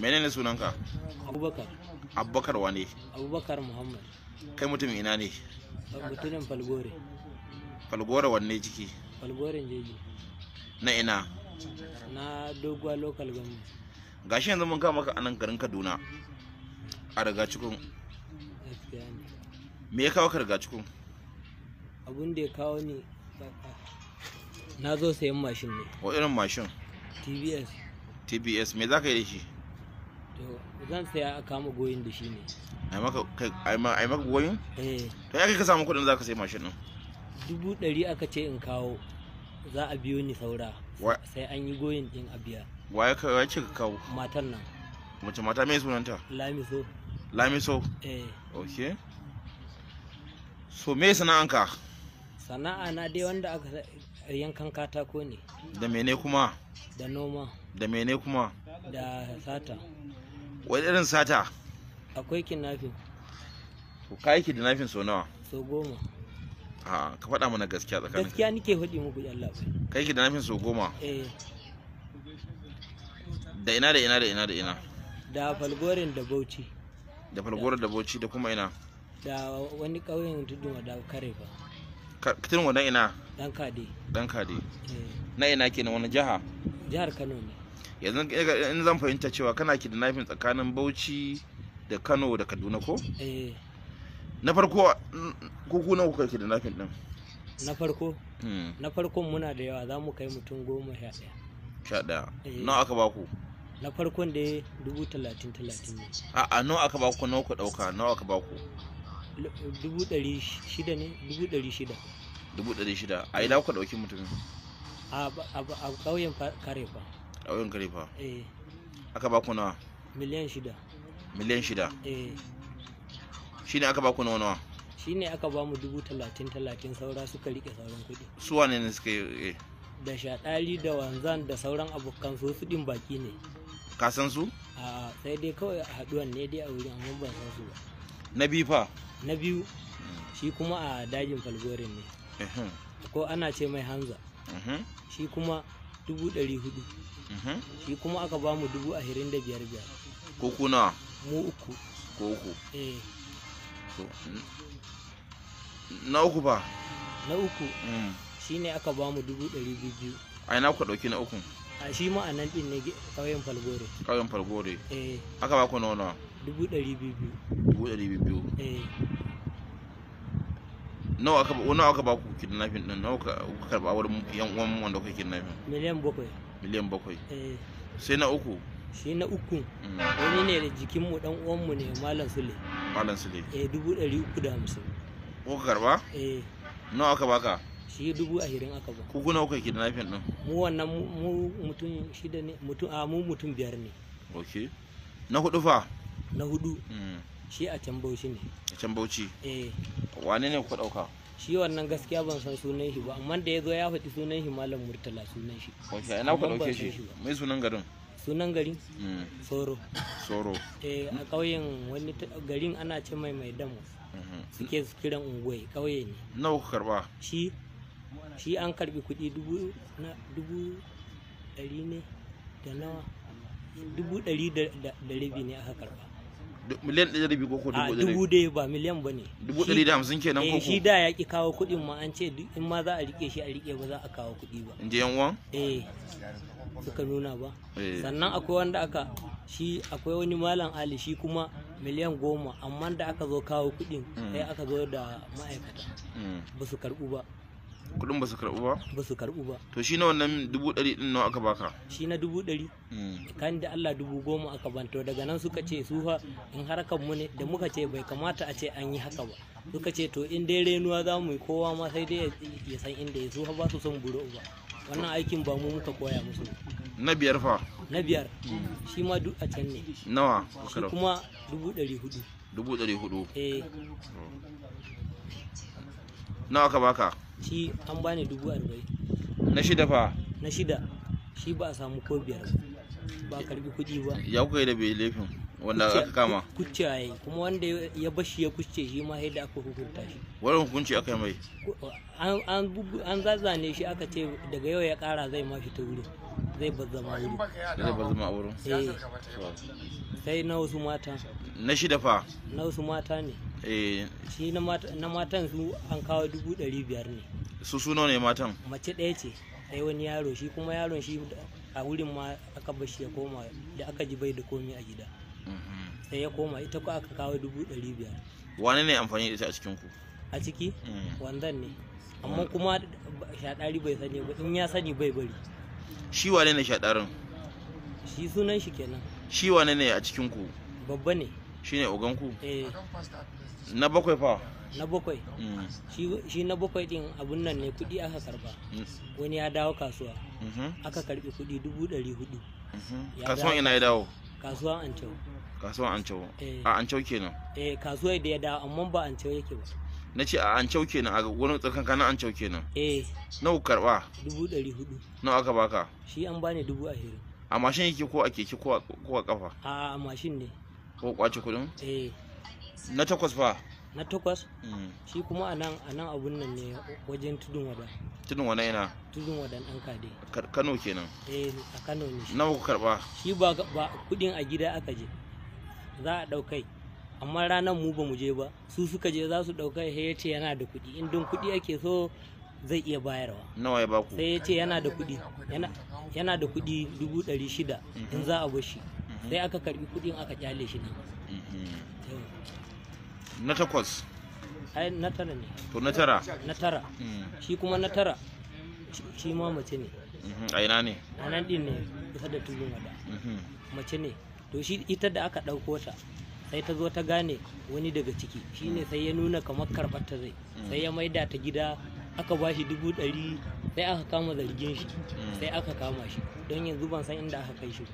menene sunanka abubakar abubakar wane abubakar muhammad kai mutumin ina ne mutumin falgore falgore wanne jiki falgoren jeji na ina na doguwa local government gashi yanzu mun kama maka anan garin kaduna a riga cikin me ya kawo ka riga cikin abun da ya kawo ni na zo sayan mashin ne wa irin mashin tbs tbs me za ka yi da shi zan saya a kama goyin da shi ne ai maka goyin? eh to ya kai ka samu kuɗin za ka sai mashin nan. dubu ɗari aka ce in kawo za a biyo ni saura sai an yi goyin ɗin a biya wa ya ce ka kawo matan nan mace mata mai sunanta lamiso lamiso eh ok so me sana'anka sana'a na dai wanda aka yankan katako ne da mene kuma da noma da mene kuma da sata wani irin sata akwai kidnapping to kai kidnapping so nawa so goma a ka faɗa mana gaskiya tsakanin gaskiya nike faɗi muku Allah kai kidnapping so goma eh da ina da ina da ina da ina da falgorin da bauchi da falgorin da bauchi da kuma ina da wani ƙauyen tudun da kare ba kitin wannan ina dan kade dan kade eh. na ina kenan wani jaha? jihar kano ne yanzu in zan fahimta cewa kana kidnapping tsakanin Bauchi da Kano da Kaduna ko eh. na farko ko ku nawa kuka kidnapping din na farko hmm. na farkon muna da yawa za mu kai mutum goma sha ɗaya sha ɗaya eh. nawa aka ba ku na farkon da ya dubu talatin talatin ne a'a nawa aka ba ku nawa ku ɗauka nawa aka ba ku dubu ɗari shida ne dubu ɗari shida dubu ɗari shida a ina ku ɗauki mutumin a ƙauyen karefa a wayan gari fa eh aka ba ku nawa miliyan shida miliyan shida eh shine aka ba ku nawa nawa shine aka ba mu dubu talatin talatin saura suka rike sauran kuɗi su wane ne suka yi eh? da shaɗari da wanzan da sauran abokan su su ɗin baki ne ka san su a sai dai kawai a haɗuwan ne dai a wurin amma ban san su ba na biyu fa na biyu hmm. shi kuma a dajin falgorin ne ko ana ce mai hanza shi kuma dubu ɗari hudu mhm. shi kuma aka ba mu dubu ashirin da biyar biyar ko kuna mu uku ko uku eh na uku ba na uku mm. shi ne aka ba mu dubu ɗari biyu a ina ku ɗauki na uku a shi ma a nan ɗin ne ƙauyen falgore ƙauyen falgore eh aka ba ku nawa dubu ɗari biyu dubu ɗari biyu eh. nawa aka nawa aka ba ku kidnapping din nawa ka karba wurin yan uwan wanda kuke kidnapping miliyan bakwai miliyan bakwai eh. sai na uku shi na uku mm. wani ne da jikin mu dan uwan mu ne malam sule malam sule eh dubu ɗari uku da hamsin ko karba eh nawa aka baka shi dubu ashirin aka ba ku nawa kuke kidnapping din mu wannan mu mutum shida ne mutum a mu mutum biyar ne okay na hudu fa na hudu mm. shi a can bauchi ne a can bauchi eh wane ne ku dauka shi wannan gaskiya ban san sunan shi ba amma da ya ya faɗi sunan shi malam murtala sunan shi ok ina ku dauke shi mai sunan garin sunan garin hmm. soro soro eh a ƙauyen wani garin ana ce mai mai damu hmm. suke kiran unguwai ƙauye ne nawa ku karba shi shi an karbi kuɗi dubu na dubu ɗari ne da nawa dubu ɗari da rabi ne aka karba miliyan ɗaya da ko ko dubu dubu dai ba miliyan ba ne dubu ɗari da hamsin kenan ko eh, shi da yaƙi kawo kuɗin ma an ce in ma za a riƙe shi a riƙe ba za a kawo kuɗi ba in je yan uwan eh suka nuna ba eh. sannan akwai wanda aka shi akwai wani malam ali shi kuma miliyan goma amma da aka zo kawo kuɗin mm. sai aka zo da ma'aikata mm. ba su karɓu ba kudin ba su karbu ba ba su karbu ba to shi na wannan dubu ɗari din nawa aka baka shi na dubu ɗari hmm. kan da Allah dubu goma aka banta, daga nan suka ce su fa in harkar mu ne da muka ce bai kamata a ce an yi haka ba suka ce to in dai renuwa za mu yi kowa ma sai dai ya san inda ya su fa ba su son buro ba wannan aikin ba mu muka koya musu na biyar fa na biyar hmm. shi ma duk a can ne nawa shi kuma dubu ɗari hudu dubu ɗari hudu eh hmm. nawa ka baka shi an bani dubu arba'in na shida fa na shida shi ba a samu ko biyar ba a karbi kuɗi ba ya kuka yi da bai laifin wanda aka kama kucce a yi kuma wanda ya bashi ya kucce shi ma yadda aka hukunta shi wani hukunci aka yi mai an zazzane shi aka ce daga yau ya kara zai ma shi ta wuri, zai bazzama wuri zai bazzama a wurin eh. sai na wasu mata na shida fa na wasu mata ne Eh. shi na matan su an kawo dubu ɗari biyar ne su suno ne matan mace ɗaya ce ɗaya wani yaro shi kuma yaron shi a wurin ma aka bashi ya koma da aka ji bai da komi a gida mm-hmm. sai ya koma ita ko aka kawo dubu ɗari biyar wani ne amfani da ita a cikin ku a ciki mm. wanzan ne amma kuma shaɗari bai sani ba in ya sani bai bari shi wane ne shaɗarin shi sunan shi kenan shi wane ne a cikin ku babba ne shine oganku eh. na bakwai fa na bakwai mm. shi na bakwai din abun nan ne kudi aka karba wani ya dawo kasuwa mm-hmm. aka karbi kudi dubu dari hudu mm-hmm. kasuwan ina ya dawo kasuwan ancewa kasuwan ancewa eh. a ancewa kenan eh kasuwa da ya dawo amma ba ancewa yake ba na ce a ancewa kenan a wani an ancewa kenan eh nawa karba dubu dari hudu nawa aka baka shi an bani dubu ashirin a mashin yake ko a keke ko a kafa a mashin ne ko kwace kudin eh. na takwas fa na takwas mm. shi kuma a nan a nan abun nan ne wajen tudun wada tudun wada yana tudun wada dan kade kano kenan eh a kano ne shi nawa ku karba shi ba ba kudin a gida aka je za a daukai amma ranar mu ba mu je ba su suka je za su daukai sai ya ce yana da kudi in don kudi ake so zai iya bayarwa nawa ya ba ku? sai ya ce yana da kudi yana da kudi dubu ɗari shida in za a bashi Mhm. sai aka karbi kudin aka kyale shi nan mhm. na takwas ai na tara ne to na tara na tara mm. shi kuma na tara shi ma mace ne mhm. a ina ne a nan din ne kusa da tulun wada mace ne to shi ita da aka ɗauko ta sai ta zo ta gane wani daga ciki shine mm. sai ya nuna kamar karɓar ta zai mm. sai ya maida ta gida aka ba shi dubu ɗari sai aka kama zargin shi sai aka kama shi don yanzu ban san inda aka kai shi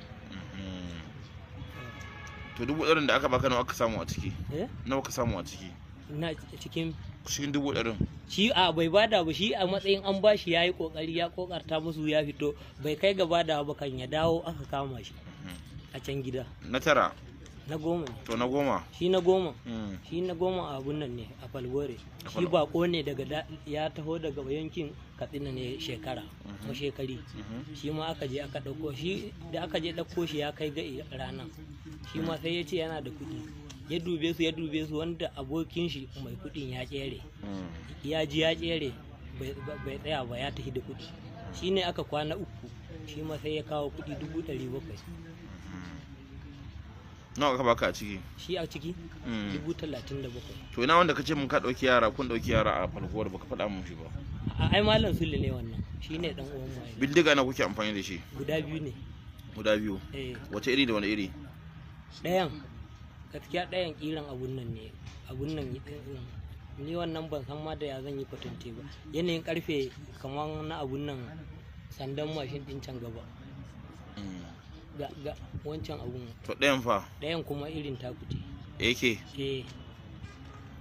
to dubu ɗarin da aka baka nawa aka samu a ciki eh? nawa ka samu a ciki na cikin cikin dubu ɗarin shi a bai bada ba shi a matsayin an bashi yayi kokari ya kokarta musu ya fito bai kai gaba da ba kan ya dawo aka kama shi mhm. a can gida na tara na goma to na goma shi na goma hmm. shi na goma a abun nan ne a falgore shi bako ne daga ya taho daga yankin katsina ne shekara ko mhm. shekari mhm. shi ma aka je aka ɗauko shi da aka je dauko shi ya kai ga ranan shi ma sai ya ce yana da kuɗi ya dube su ya dube su wanda abokin shi mai kuɗin ya tsere hmm. ya ji ya tsere bai tsaya ba ya tafi da kuɗi shi ne aka kwana uku shi ma sai ya kawo kuɗi dubu ɗari bakwai nawa ka baka a ciki shi a ciki mm. dubu talatin da bakwai to ina wanda kace mun ka ɗauki yara kun ɗauki yara a falkuwar baka faɗa mun shi ba ai malam sulle ne wannan shi ne dan uwan mu bindiga na kuke amfani da shi guda biyu ne guda biyu eh. wace iri da wani iri ɗayan gaskiya ɗayan kiran abun nan ne abun nan eh, ni wannan ban san ma da ya zan yi kwatance ba yanayin karfe kamar na abun nan sandan mashin ɗin can gaba ga wancan abun to ɗayan fa ɗayan kuma irin takuti ake eh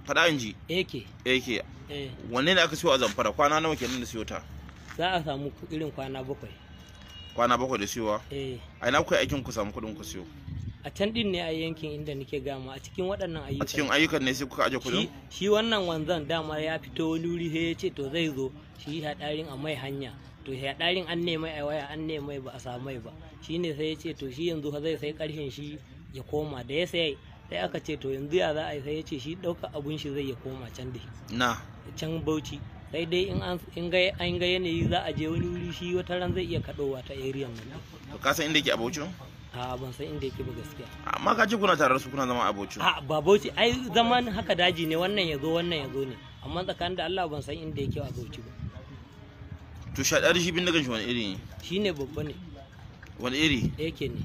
faɗa in ji Eke. Eke. Eh. wanne ne aka siyo a zamfara kwana nawa kenan da siyo ta za a samu irin kwana bakwai kwana bakwai da siyowa eh a ina kuka aikin ku samu kuɗin ku siyo a can din ne a yankin inda nake gama a cikin waɗannan ayyukan a cikin ayyukan ne sai kuka aje kudin shi wannan wanzan dama ya fito wani wuri sai ya ce to zai zo shi hadarin a mai hanya to hadarin an ne mai a waya an ne mai ba a samu mai ba shine sai ya ce to shi yanzu zai sai karshen shi ya koma da ya sai sai aka ce to yanzu ya za a yi sai ya ce shi ɗauka abun shi zai ya koma can da na can bauchi sai dai in an ga yanayi za a je wani wuri shi wata ran zai iya kaɗowa ta area nan to ka san inda ke a bauchi A'a ban san inda yake ba gaskiya amma ka ce kuna tare su kuna zama aboci a ba boci ai zaman haka daji ne wannan ya zo wannan ya zo ne amma tsakanin da Allah ban san inda yake aboci ba to shaɗar shi bindigan shi wani iri ne shine babba ne wani iri eh, yake ne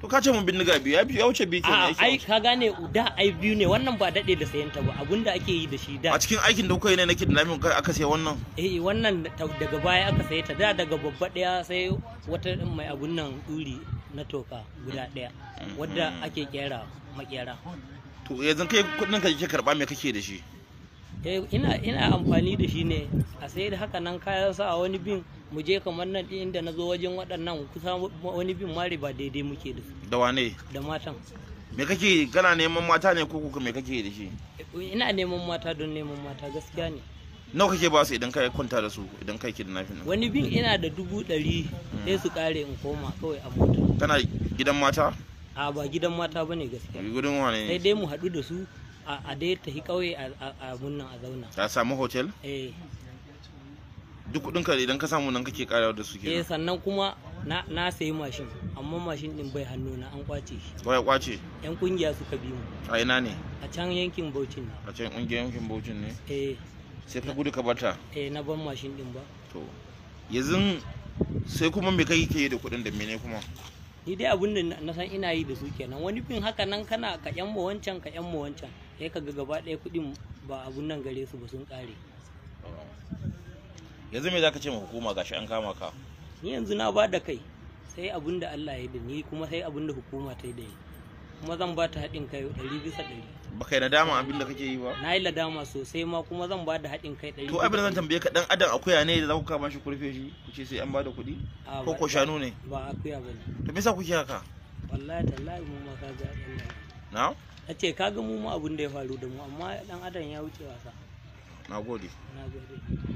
to ka ce mun bindiga biyu ya biyu ya wuce biyu kenan ai ka gane da ai biyu ne wannan ba dade da sayanta ba Abunda ake yi da shi da a cikin aikin da kuka yi ne na kidnapping kai aka sai wannan eh wannan daga baya aka sayeta ta da daga babba daya sai wata mai abun nan duri na toka guda ɗaya wadda mm-hmm. ake kera makera to yanzu kai kudin ka ke karba me kake da shi eh ina ina amfani da shi ne a sai da haka nan kayan sa a wani bin mu je kamar nan din inda na zo wajen waɗannan kusa wani bin mare ba daidai muke da su da wane da matan me kake kana neman mata ne ko kuka me kake da shi ina neman mata don neman mata gaskiya ne nawa kake ba su idan kai kwanta da su idan kai nan? wani bin ina da dubu ɗari hmm. sai su kare in koma kawai a mota kana gidan mata a ba gidan mata ba ne gaskiya gidan wane sai dai mu haɗu da su a dai tafi kauye a munnan a zauna ta samu hotel eh duk kudin ka idan ka samu nan kake karawa da su kenan eh sannan kuma na na sayi mashin amma mashin din bai hannu na an kwace shi kwace yan kungiya suka bi mu a ina ne a can yankin Bauchin ne a can kungiya yankin Bauchin ne eh sai ka gudu ka bata eh na ban mashin din ba to yanzu sai kuma me kai ke yi da kuɗin da mene kuma ni dai abin da na san ina yi da su kenan wani bin haka nan kana ka yan mu wancan ka yan mu wancan sai ka ga gaba ɗaya kuɗin ba abun nan gare su ba sun ƙare oh. yanzu me zaka ce ma hukuma gashi an kama ka ni yanzu na ba da kai sai abin da Allah ya yi da ni kuma sai abin da hukuma ta yi da ni kuma zan ba ta haɗin kai ɗari bisa ɗari ba kai nadama abin da kake yi ba na yi nadama sosai ma kuma zan ba da haɗin kai ɗari to abin da zan tambaye ka ɗan adam akuya ne da za ku kama shi kurfe shi ku ce sai an ba da kuɗi ko ko shanu ne ba akuya ba ne to me kuke haka wallahi tallahi mu ma ka ga ɗan na na ce ka ga mu ma abin da ya faru da mu amma ɗan adam ya wuce wasa na gode na gode